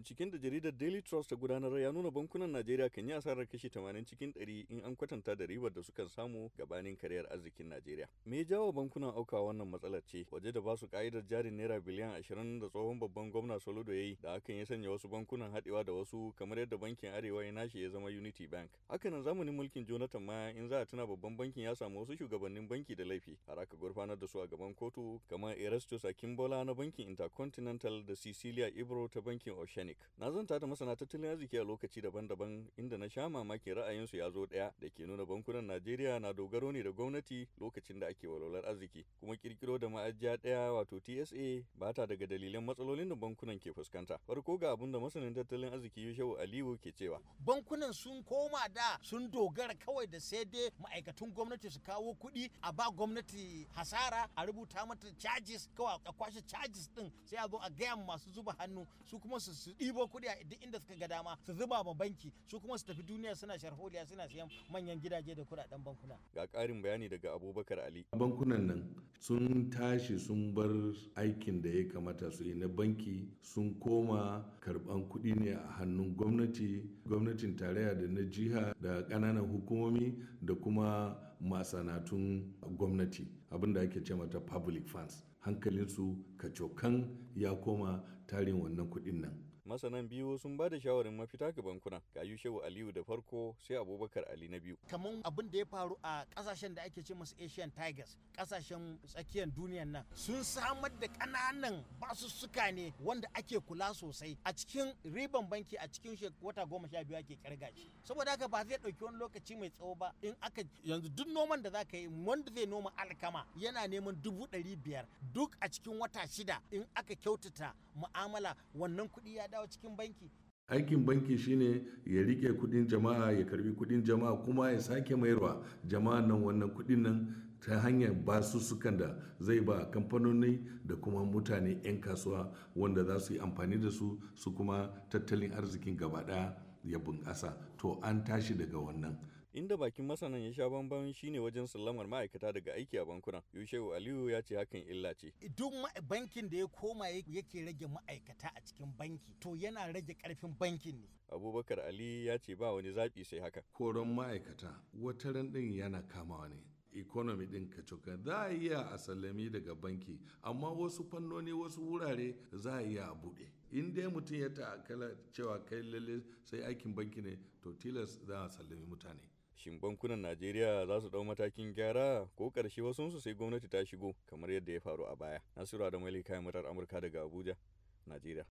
Binciken da jaridar Daily Trust ta gudanar ya nuna bankunan Najeriya kan yi asarar kashi 80 cikin 100 in an kwatanta da ribar da sukan samu gabanin kariyar arzikin Najeriya. Me jawo bankunan auka wannan matsalar ce waje da ba su ka'idar jarin naira biliyan 20 da tsohon babban gwamna Soludo ya yi da hakan ya sanya wasu bankunan haɗewa da wasu kamar yadda bankin Arewa ya nashi ya zama Unity Bank. Hakanan zamanin mulkin Jonathan ma in za a tuna babban bankin ya samu wasu shugabannin banki da laifi har aka gurfanar da su a gaban kotu kamar Erastus Akimbola na bankin Intercontinental da Cecilia Ibro ta bankin Ocean Titanic. Na zanta ta masana tattalin arziki a lokaci daban-daban inda na sha mamakin ra'ayinsu ya zo daya da ke nuna bankunan Najeriya na dogaro ne da gwamnati lokacin da ake walwalar arziki kuma kirkiro da ma'ajiya daya wato TSA ba ta daga dalilan matsalolin da bankunan ke fuskanta. Farko ga abin da masanin tattalin arziki Yushau Aliyu ke cewa. Bankunan sun koma da sun dogara kawai da sai dai ma'aikatun gwamnati su kawo kuɗi a ba gwamnati hasara a rubuta mata charges kawai a kwashe charges din sai a zo a gaya masu zuba hannu su kuma su ɗibo kuɗi a duk inda suka ga dama su zuba ma banki su kuma su tafi duniya suna sharholiya suna siyan manyan gidaje da kuɗaɗen bankuna ga karin bayani daga abubakar ali bankunan nan sun tashi sun bar aikin da ya kamata su yi na banki sun koma karɓan kuɗi ne a hannun gwamnati gwamnatin tarayya da na jiha da ƙananan hukumomi da kuma masanatun gwamnati abin da ake ce mata public funds hankalinsu kacokan ya koma tarin wannan kuɗin nan masanan biyu sun ba da shawarin mafita ga bankuna ga yushewu aliyu da farko sai abubakar ali na biyu kamar abin da ya faru a kasashen da ake ce masu asian tigers kasashen tsakiyar duniyan nan sun samar da ƙananan basussuka ne wanda ake kula sosai a cikin riban banki a cikin wata goma sha biyu ake kirga shi saboda haka ba zai ɗauki wani lokaci mai tsawo ba in aka yanzu duk noman da zaka yi wanda zai noma alkama yana neman dubu ɗari biyar duk a cikin wata shida in aka kyautata mu'amala wannan kuɗi ya dawo fadawa cikin banki aikin banki shine ya rike kudin jama'a ya karbi kudin jama'a kuma ya sake mayarwa jama'a nan wannan kudin nan ta hanyar basussukan da zai ba kamfanoni da kuma mutane 'yan kasuwa wanda za su yi amfani da su su kuma tattalin arzikin gaba ɗaya ya bunƙasa to an tashi daga wannan Inda bakin masanan ya sha bambam shine wajen sallamar ma'aikata daga aiki a bankunan. Yushewu Aliyu ya ce hakan illa ce. Duk bankin da ya koma yake rage ma'aikata a cikin banki to yana rage karfin bankin ne. Abubakar Ali ya ce ba wani zaɓi sai haka. Koron ma'aikata ran ɗin yana kamawa ne. economy din ka cuka za a iya a sallami daga banki amma wasu fannoni wasu wurare za a iya a buɗe in dai mutum ya ta'akala cewa kai lalle sai aikin banki ne to tilas za a sallami mutane Shin bankunan Najeriya za su dau matakin gyara ko ƙarshe wasunsu sai gwamnati ta shigo kamar yadda ya faru a baya? Nasiru da Malika Murar Amurka daga Abuja, Najeriya.